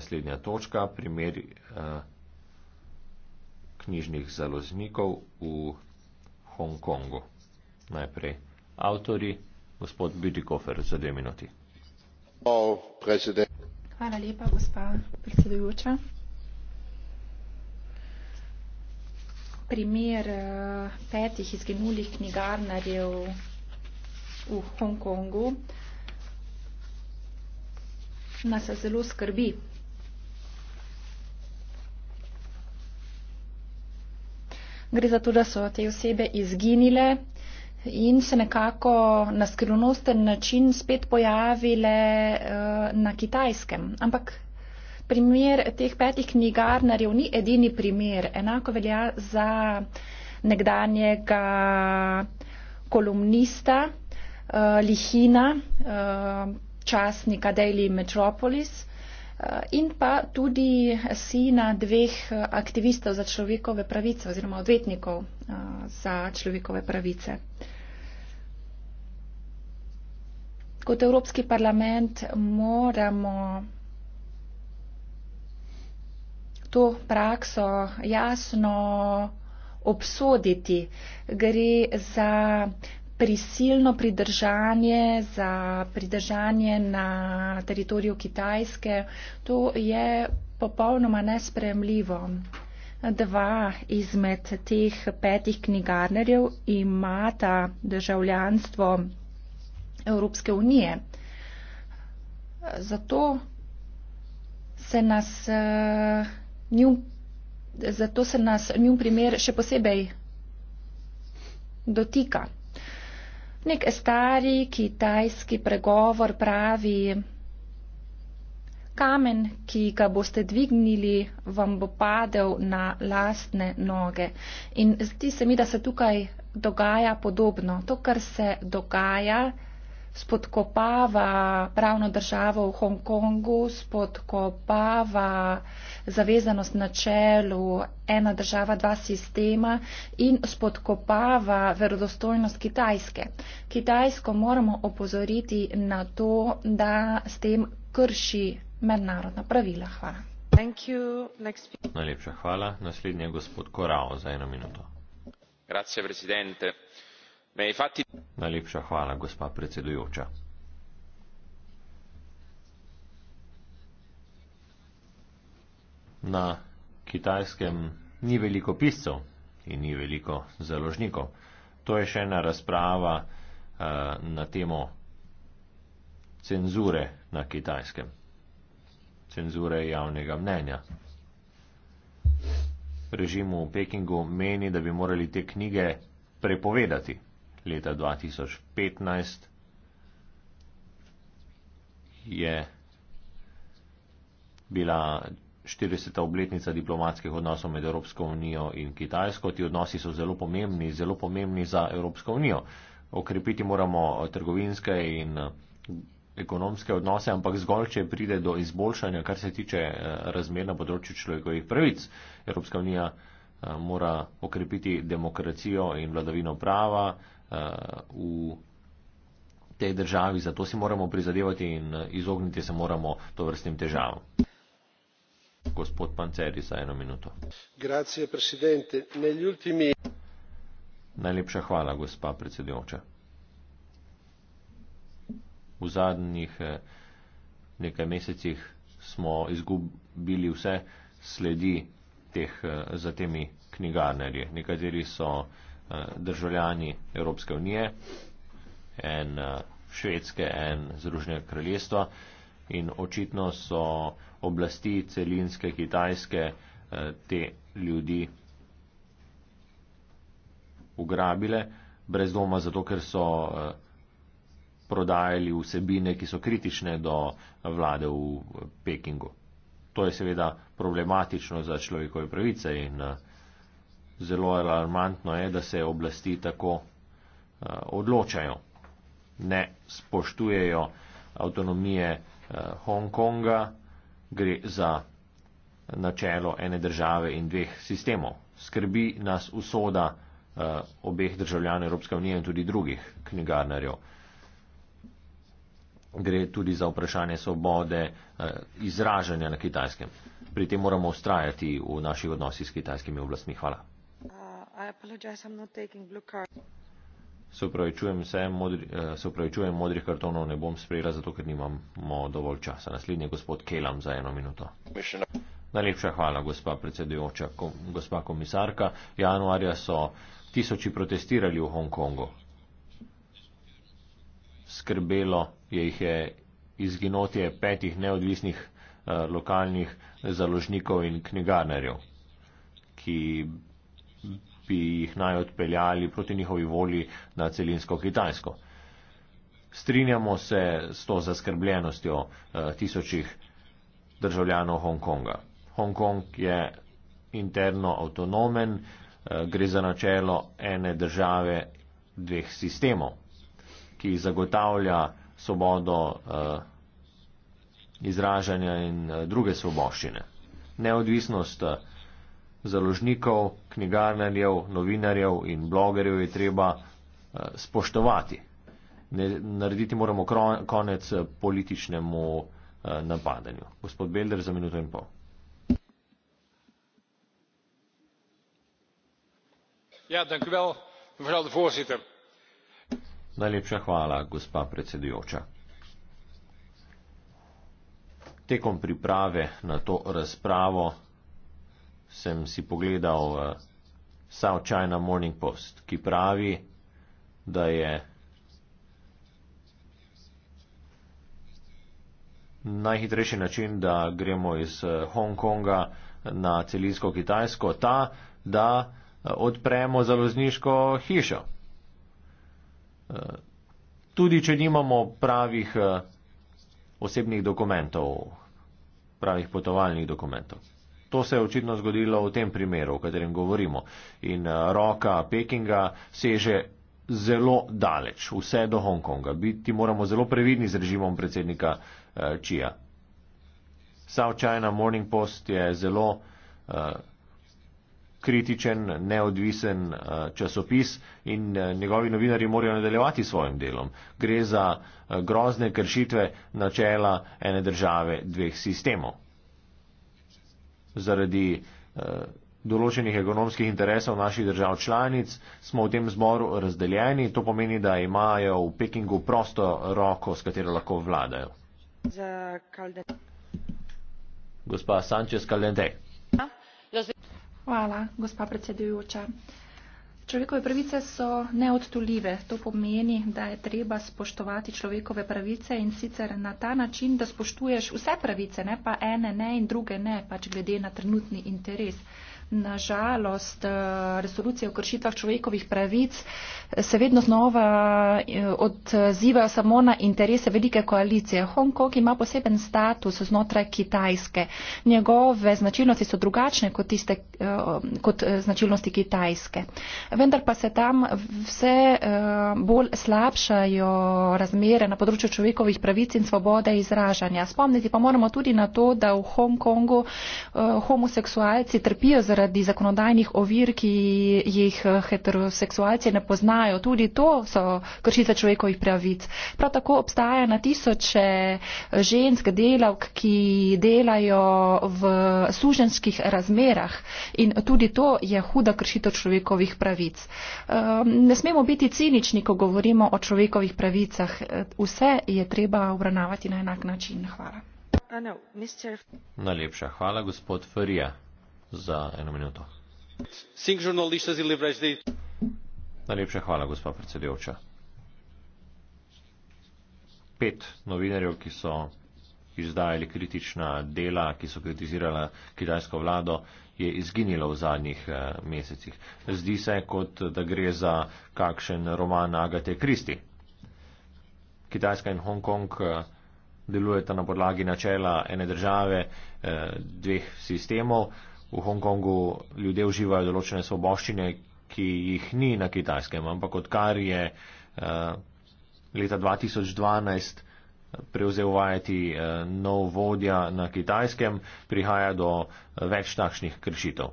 Naslednja točka, primer eh, knjižnih založnikov v Hongkongu. Najprej avtori, gospod Bidikofer, za dve minuti. Hvala lepa, gospa predsedujoča. Primer eh, petih izginulih knjigarnarjev v Hongkongu nas zelo skrbi. Gre za to, da so te osebe izginile in se nekako na skrivnosten način spet pojavile eh, na kitajskem. Ampak primer teh petih knjigarnarjev ni edini primer. Enako velja za nekdanjega kolumnista eh, Lihina, eh, časnika Daily Metropolis Eh, in pa tudi sina dveh eh, aktivistov za človekove pravice oziroma odvetnikov eh, za človekove pravice. Kot Evropski parlament moramo to prakso jasno obsoditi. Gre za prisilno pridržanje, za pridržanje na teritoriju Kitajske. To je popolnoma nespremljivo. Dva izmed teh petih knjigarnerjev imata državljanstvo Evropske unije. Zato se nas eh, njum, zato se nas njun primer še posebej dotika. Nek stari kitajski pregovor pravi, kamen, ki ga boste dvignili, vam bo padel na lastne noge. In zdi se mi, da se tukaj dogaja podobno. To, kar se dogaja, spodkopava pravno državo v Hongkongu, spodkopava zavezanost na čelu ena država, dva sistema in spodkopava verodostojnost Kitajske. Kitajsko moramo opozoriti na to, da s tem krši mednarodna pravila. Hvala. Thank you. Next... Najlepša hvala. Naslednji je gospod Korao za eno minuto. Grazie, Fatti... Najlepša hvala, gospa predsedujoča. Na kitajskem ni veliko piscev in ni veliko založnikov. To je še ena razprava uh, na temo cenzure na kitajskem, cenzure javnega mnenja. Režim v Pekingu meni, da bi morali te knjige prepovedati leta 2015 je bila 40. obletnica diplomatskih odnosov med Evropsko unijo in Kitajsko. Ti odnosi so zelo pomembni, zelo pomembni za Evropsko unijo. Okrepiti moramo trgovinske in ekonomske odnose, ampak zgolj, če pride do izboljšanja, kar se tiče razmer na področju človekovih pravic. Evropska unija mora okrepiti demokracijo in vladavino prava, Eh, v tej državi. Zato si moramo prizadevati in eh, izogniti se moramo to vrstnim težavam. Gospod Panceri, za eno minuto. Grazie, presidente. Negli ultimi... Najlepša hvala, gospa predsedujoča. V zadnjih eh, nekaj mesecih smo izgubili vse sledi teh, za temi knjigarnerji. Nekateri so uh, Eh, državljani Evropske unije, en eh, Švedske, en Združenega kraljestva in očitno so oblasti celinske, kitajske eh, te ljudi ugrabile brez doma, zato ker so prodajali vsebine, ki so kritične do vlade v Pekingu. To je seveda problematično za človekove pravice in uh, zelo alarmantno je, da se oblasti tako eh, odločajo. Ne spoštujejo avtonomije eh, Hongkonga, gre za načelo ene države in dveh sistemov. Skrbi nas usoda eh, obeh državljanov Evropske unije in tudi drugih knjigarnarjev. Gre tudi za vprašanje svobode izražanja na kitajskem. Pri tem moramo ustrajati v naših odnosih s kitajskimi oblastmi. Hvala. Se upravičujem, eh, se, modri, se upravičujem, modrih kartonov ne bom sprejela, zato ker nimamo dovolj časa. Naslednji je gospod Kelam za eno minuto. Najlepša hvala, gospa predsedujoča, kom, gospa komisarka. Januarja so tisoči protestirali v Hongkongu. Skrbelo je jih je izginotje petih neodvisnih eh, lokalnih založnikov in knjigarnerjev, ki bi jih naj odpeljali proti njihovi volji na celinsko Kitajsko. Strinjamo se s to zaskrbljenostjo eh, tisočih državljanov Hongkonga. Hongkong je interno avtonomen, eh, gre za načelo ene države dveh sistemov, ki zagotavlja svobodo eh, izražanja in druge svoboščine. Neodvisnost založnikov knjigarnarjev, novinarjev in blogerjev je treba eh, spoštovati. Ne, narediti moramo konec eh, političnemu eh, napadanju. Gospod Belder, za minuto in pol. Ja, dank u wel, mevrouw de voorzitter. Najlepša hvala, gospa predsedujoča. Tekom priprave na to razpravo sem si pogledal eh, South China Morning Post, ki pravi, da je najhitrejši način, da gremo iz eh, Hongkonga na celinsko Kitajsko, ta, da eh, odpremo založniško hišo. Tudi, če nimamo pravih osebnih dokumentov, pravih potovalnih dokumentov. To se je očitno zgodilo v tem primeru, o katerem govorimo. In eh, roka Pekinga seže zelo daleč, vse do Hongkonga. Biti moramo zelo previdni z režimom predsednika Čija. Eh, South China Morning Post je zelo uh, kritičen, neodvisen uh, časopis in uh, njegovi novinari morajo nadaljevati svojim delom. Gre za uh, grozne kršitve načela ene države dveh sistemov zaradi eh, določenih ekonomskih interesov naših držav članic, smo v tem zboru razdeljeni. To pomeni, da imajo v Pekingu prosto roko, s katero lahko vladajo. Gospa Sanchez Caldente. Hvala, gospa predsedujoča. Človekove pravice so neodtuljive. To pomeni, da je treba spoštovati človekove pravice in sicer na ta način, da spoštuješ vse pravice, ne pa ene ne in druge ne, pač glede na trenutni interes. Uh, Nažalost, eh, resolucije o kršitvah človekovih pravic eh, se vedno znova eh, odzivajo samo na interese velike koalicije. Hongkong ima poseben status znotraj Kitajske. Njegove značilnosti so drugačne kot, tiste, kot značilnosti Kitajske. Vendar pa se tam vse bolj slabšajo razmere na področju človekovih pravic in svobode izražanja. Spomniti pa moramo tudi na to, da v Hongkongu homoseksualci trpijo zaradi zaradi zakonodajnih ovir, ki jih eh, heteroseksualci ne poznajo. Tudi to so kršice človekovih pravic. Prav tako obstaja na tisoče eh, žensk delavk, ki delajo v suženskih razmerah in tudi to je huda kršitev človekovih pravic. Ehm, ne smemo biti cinični, ko govorimo o človekovih pravicah. Eh, vse je treba obravnavati na enak način. Hvala. Uh, no, Najlepša hvala, gospod Ferija za eno minuto. E Najlepša hvala, gospa predsedujoča. Pet novinarjev, ki so izdajali kritična dela, ki so kritizirala kitajsko vlado, je izginilo v zadnjih eh, mesecih. Zdi se, kot da gre za kakšen roman Agate Kristi. Kitajska in Hongkong eh, delujeta na podlagi načela ene države, eh, dveh sistemov v Hongkongu ljudje uživajo določene svoboščine, ki jih ni na kitajskem, ampak odkar je eh, leta 2012 prevzel vajeti eh, nov vodja na kitajskem, prihaja do eh, več takšnih kršitev.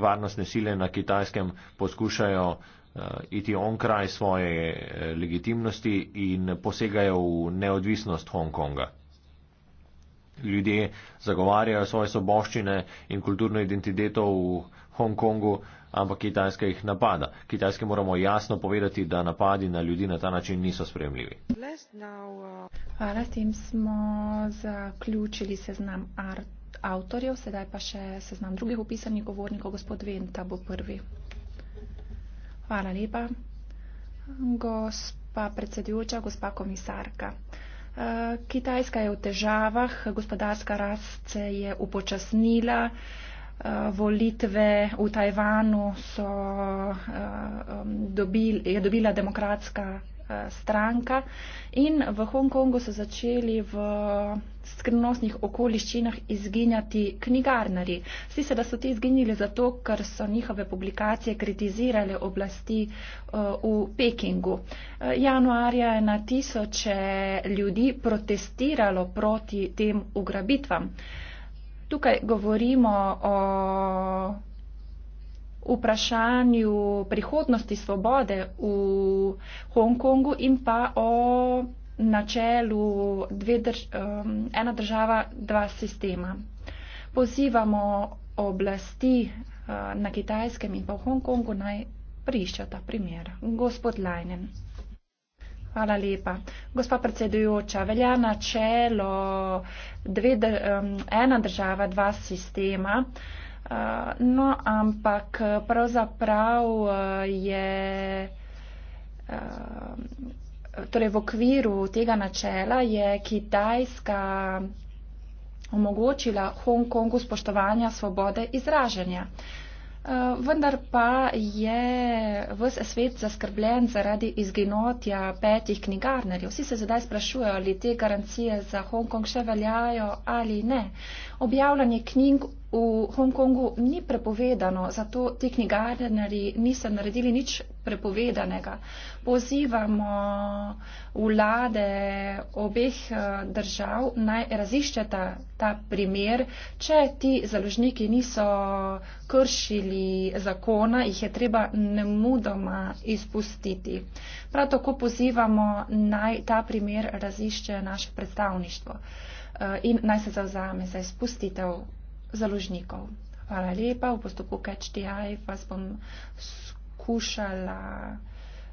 Varnostne sile na kitajskem poskušajo iti onkraj svoje legitimnosti in posegajo v neodvisnost Hongkonga ljudje zagovarjajo svoje soboščine in kulturno identiteto v Hongkongu, ampak Kitajska jih napada. Kitajski moramo jasno povedati, da napadi na ljudi na ta način niso spremljivi. Hvala, tem smo zaključili seznam art avtorjev, sedaj pa še seznam drugih opisanih govornikov, gospod Venta bo prvi. Hvala lepa. Gospa predsedujoča, gospa komisarka. Kitajska je v težavah, gospodarska rast se je upočasnila, eh, volitve v Tajvanu so, eh, eh, dobil, je dobila demokratska Eh, stranka. In v Hongkongu so začeli v skrivnostnih okoliščinah izginjati knjigarnari. Vsi se, da so ti izginili zato, ker so njihove publikacije kritizirale oblasti eh, v Pekingu. Eh, januarja je na tisoče ljudi protestiralo proti tem ugrabitvam. Tukaj govorimo o vprašanju prihodnosti svobode v Hongkongu in pa o načelu drž ena država, dva sistema. Pozivamo oblasti eh, na Kitajskem in pa v Hongkongu naj prišča ta primer. Gospod Lajnen. Hvala lepa. Gospa predsedujoča, velja načelo dve, ena država, dva sistema. Eh, no, ampak eh, pravzaprav eh, je. Torej, v okviru tega načela je Kitajska omogočila Hongkongu spoštovanja svobode izražanja. Vendar pa je vse svet zaskrbljen zaradi izginotja petih knjigarnerjev. Vsi se zdaj sprašujejo, ali te garancije za Hongkong še veljajo ali ne. Objavljanje knjig V Hongkongu ni prepovedano, zato ti knjigarnari niso naredili nič prepovedanega. Pozivamo vlade obeh eh, držav naj raziščeta ta primer. Če ti založniki niso kršili zakona, jih je treba nemudoma izpustiti. Prav tako pozivamo naj ta primer razišče naše predstavništvo eh, in naj se zavzame za izpustitev založnikov. Hvala lepa, v postopku CatchDI vas bom skušala,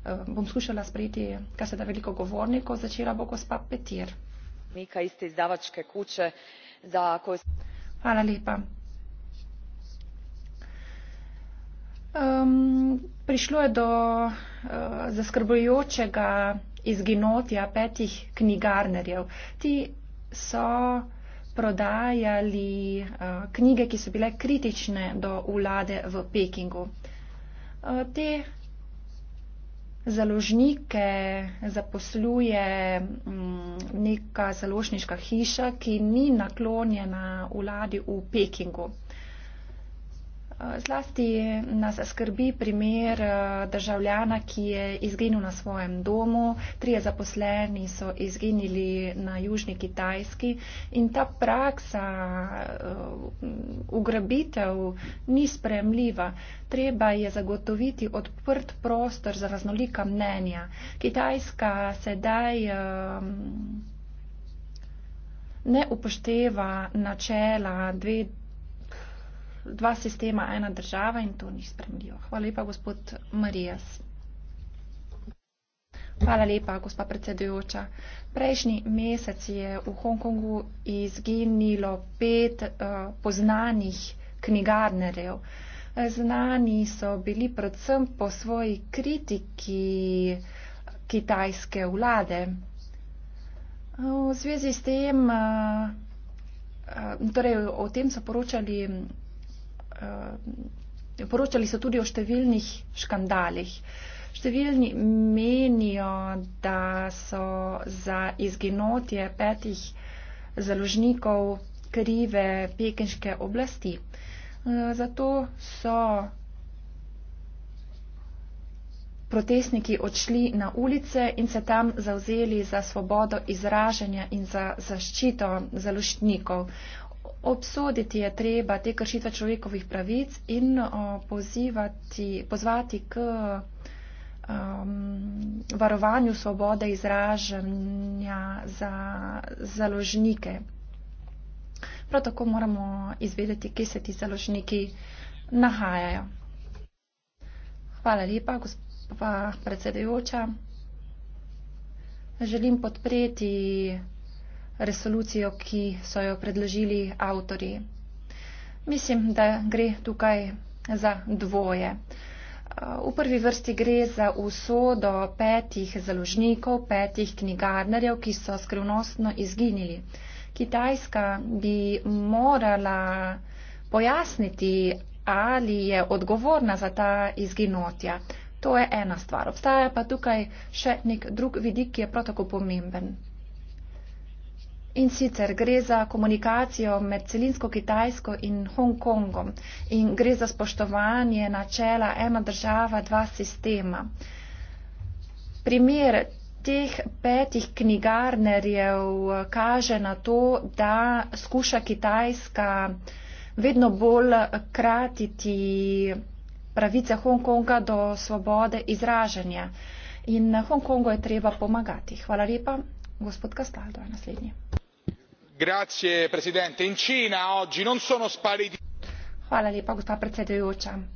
eh, bom skušala sprejeti, kar se da veliko govornikov, začela bo gospa Petir. Mika iste izdavačke kuće za koje... Hvala lepa. Um, prišlo je do uh, zaskrbljujočega izginotja petih knjigarnerjev. Ti so prodajali eh, knjige, ki so bile kritične do vlade v Pekingu. Eh, te založnike zaposluje mm, neka založniška hiša, ki ni naklonjena vladi v Pekingu. Zlasti nas skrbi primer eh, državljana, ki je izginil na svojem domu. Trije zaposleni so izginili na južni Kitajski in ta praksa eh, ugrabitev ni spremljiva. Treba je zagotoviti odprt prostor za raznolika mnenja. Kitajska sedaj eh, ne upošteva načela dve dva sistema, ena država in to ni spremljivo. Hvala lepa, gospod Marijas. Hvala lepa, gospa predsedujoča. Prejšnji mesec je v Hongkongu izginilo pet uh, poznanih knjigarnerjev. Znani so bili predvsem po svoji kritiki kitajske vlade. V zvezi s tem, uh, torej o tem so poročali Eh, poročali so tudi o številnih škandalih. Številni menijo, da so za izginotje petih založnikov krive pekinške oblasti. Eh, zato so protestniki odšli na ulice in se tam zauzeli za svobodo izražanja in za zaščito založnikov obsoditi je treba te kršitve človekovih pravic in eh, pozivati, pozvati k um, varovanju svobode izražanja za založnike. Prav tako moramo izvedeti, kje se ti založniki nahajajo. Hvala lepa, gospa predsedujoča. Želim podpreti resolucijo, ki so jo predložili avtori. Mislim, da gre tukaj za dvoje. V prvi vrsti gre za usodo petih založnikov, petih knjigarnarjev, ki so skrivnostno izginili. Kitajska bi morala pojasniti, ali je odgovorna za ta izginotja. To je ena stvar. Obstaja pa tukaj še nek drug vidik, ki je prav tako pomemben. In sicer gre za komunikacijo med celinsko Kitajsko in Hongkongom in gre za spoštovanje načela ena država, dva sistema. Primer teh petih knjigarnerjev kaže na to, da skuša Kitajska vedno bolj kratiti pravice Hongkonga do svobode izražanja. In Hongkongu je treba pomagati. Hvala lepa. Gospod Kastaldo je naslednji gospa predsedujoča in sama sem bila tam nedavno in tam so bili ljudje zelo zadovoljni.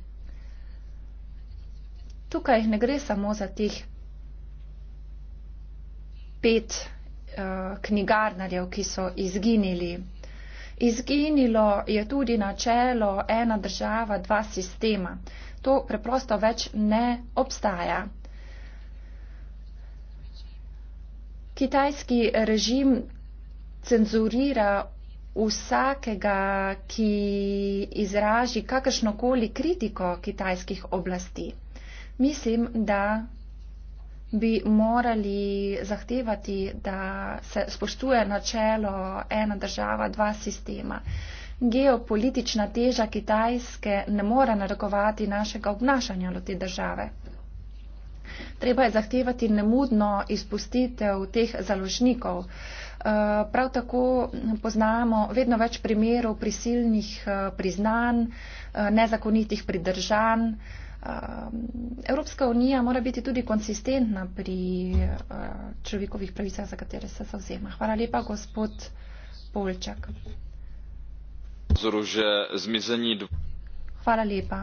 tukaj ne gre samo za teh pet eh, knjigarnarjev ki so izginili. izginilo je tudi načelo ena država dva sistema. to preprosto več ne obstaja. kitajski režim cenzurira vsakega, ki izraži kakršnokoli kritiko kitajskih oblasti. Mislim, da bi morali zahtevati, da se spoštuje načelo ena država, dva sistema. Geopolitična teža Kitajske ne more narekovati našega obnašanja do te države. Treba je zahtevati nemudno izpustitev teh založnikov. Eh, prav tako poznamo vedno več primerov prisilnih eh, priznanj, eh, nezakonitih pridržanj. Evropska unija mora biti tudi konsistentna pri človekovih pravicah, za katere se zauzema. Hvala lepa, gospod Polčak. Hvala lepa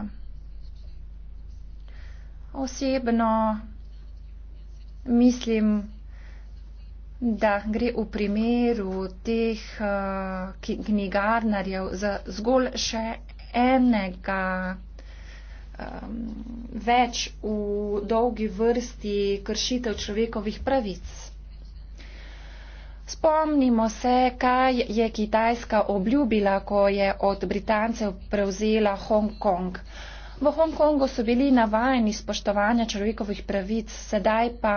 osebno mislim, da gre v primeru teh uh, knjigarnarjev za zgolj še enega um, več v dolgi vrsti kršitev človekovih pravic. Spomnimo se, kaj je Kitajska obljubila, ko je od Britancev prevzela Hongkong. Uh, V Hongkongu so bili navajeni spoštovanja človekovih pravic, sedaj pa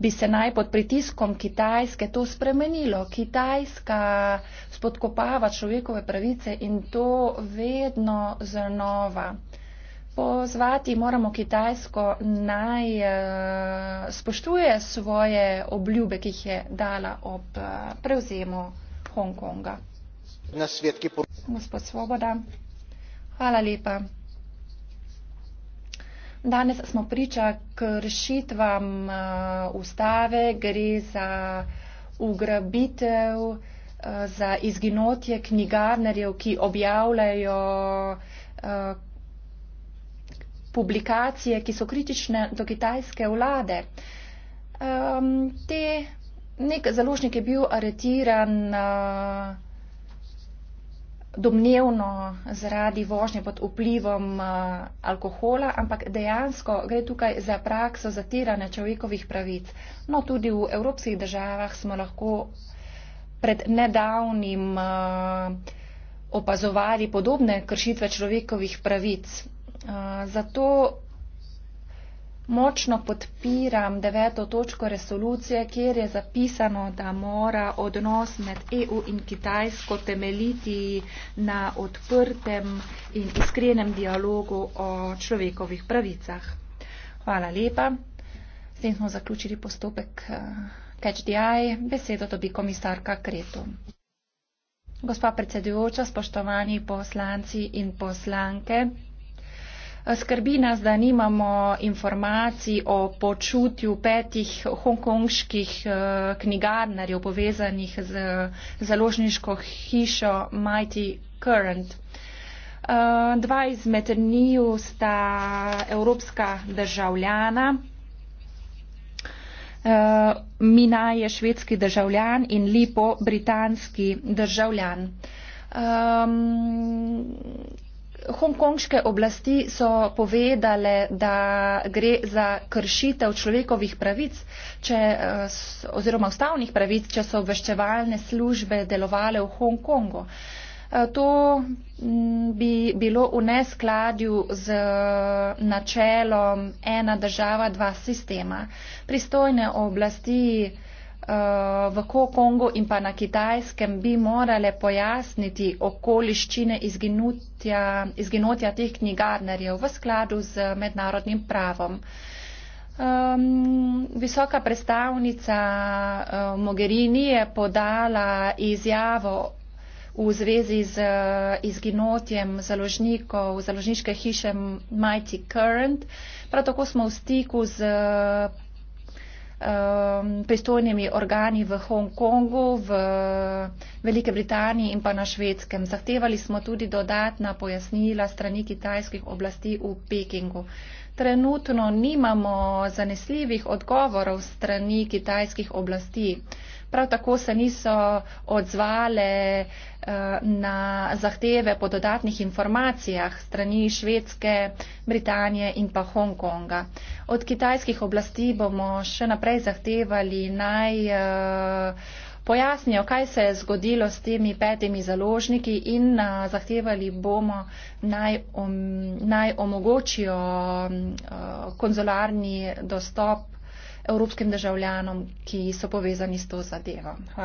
bi se naj pod pritiskom Kitajske to spremenilo. Kitajska spodkopava človekove pravice in to vedno znova. Pozvati moramo Kitajsko naj eh, spoštuje svoje obljube, ki jih je dala ob eh, prevzemu Hongkonga. Gospod Svoboda, hvala lepa. Danes smo priča kršitvam eh, ustave, gre za ugrabitev, eh, za izginotje knjigarnerjev, ki objavljajo eh, publikacije, ki so kritične do kitajske vlade. Ehm, te, nek založnik je bil aretiran domnevno zaradi vožnje pod vplivom eh, alkohola, ampak dejansko gre tukaj za prakso zatiranja človekovih pravic. No, tudi v evropskih državah smo lahko pred nedavnim eh, opazovali podobne kršitve človekovih pravic. Eh, zato Močno podpiram deveto točko resolucije, kjer je zapisano, da mora odnos med EU in Kitajsko temeljiti na odprtem in iskrenem dialogu o človekovih pravicah. Hvala lepa. S tem smo zaključili postopek KHDI. Eh, Besedo dobi komisarka Kretu. Gospa predsedujoča, spoštovani poslanci in poslanke. Skrbi nas, da nimamo informacij o počutju petih hongkonških eh, knjigarnarjev povezanih z založniško hišo Mighty Current. Eh, dva izmed njiju sta evropska državljana. Eh, Mina je švedski državljan in Lipo britanski državljan. Hongkonške oblasti so povedale, da gre za kršitev človekovih pravic če, eh, oziroma ustavnih pravic, če so obveščevalne službe delovale v Hongkongu. Eh, to bi bilo v neskladju z eh, načelom ena država, dva sistema. Pristojne oblasti v Kongu in pa na Kitajskem bi morale pojasniti okoliščine izginutja, izginutja teh knjigarnerjev v skladu z mednarodnim pravom. Um, visoka predstavnica uh, Mogherini je podala izjavo v zvezi z uh, izginotjem založnikov, založniške hiše Mighty Current. Prav tako smo v stiku z uh, um, pristojnimi organi v Hongkongu, v Velike Britaniji in pa na Švedskem. Zahtevali smo tudi dodatna pojasnila strani kitajskih oblasti v Pekingu. Trenutno nimamo zanesljivih odgovorov strani kitajskih oblasti. Prav tako se niso odzvale eh, na zahteve po dodatnih informacijah strani Švedske, Britanije in pa Hongkonga. Od kitajskih oblasti bomo še naprej zahtevali naj eh, pojasnijo, kaj se je zgodilo s temi petimi založniki in eh, zahtevali bomo naj, om, naj omogočijo konzularni dostop evropskim državljanom, ki so povezani s to zadevo. Hvala.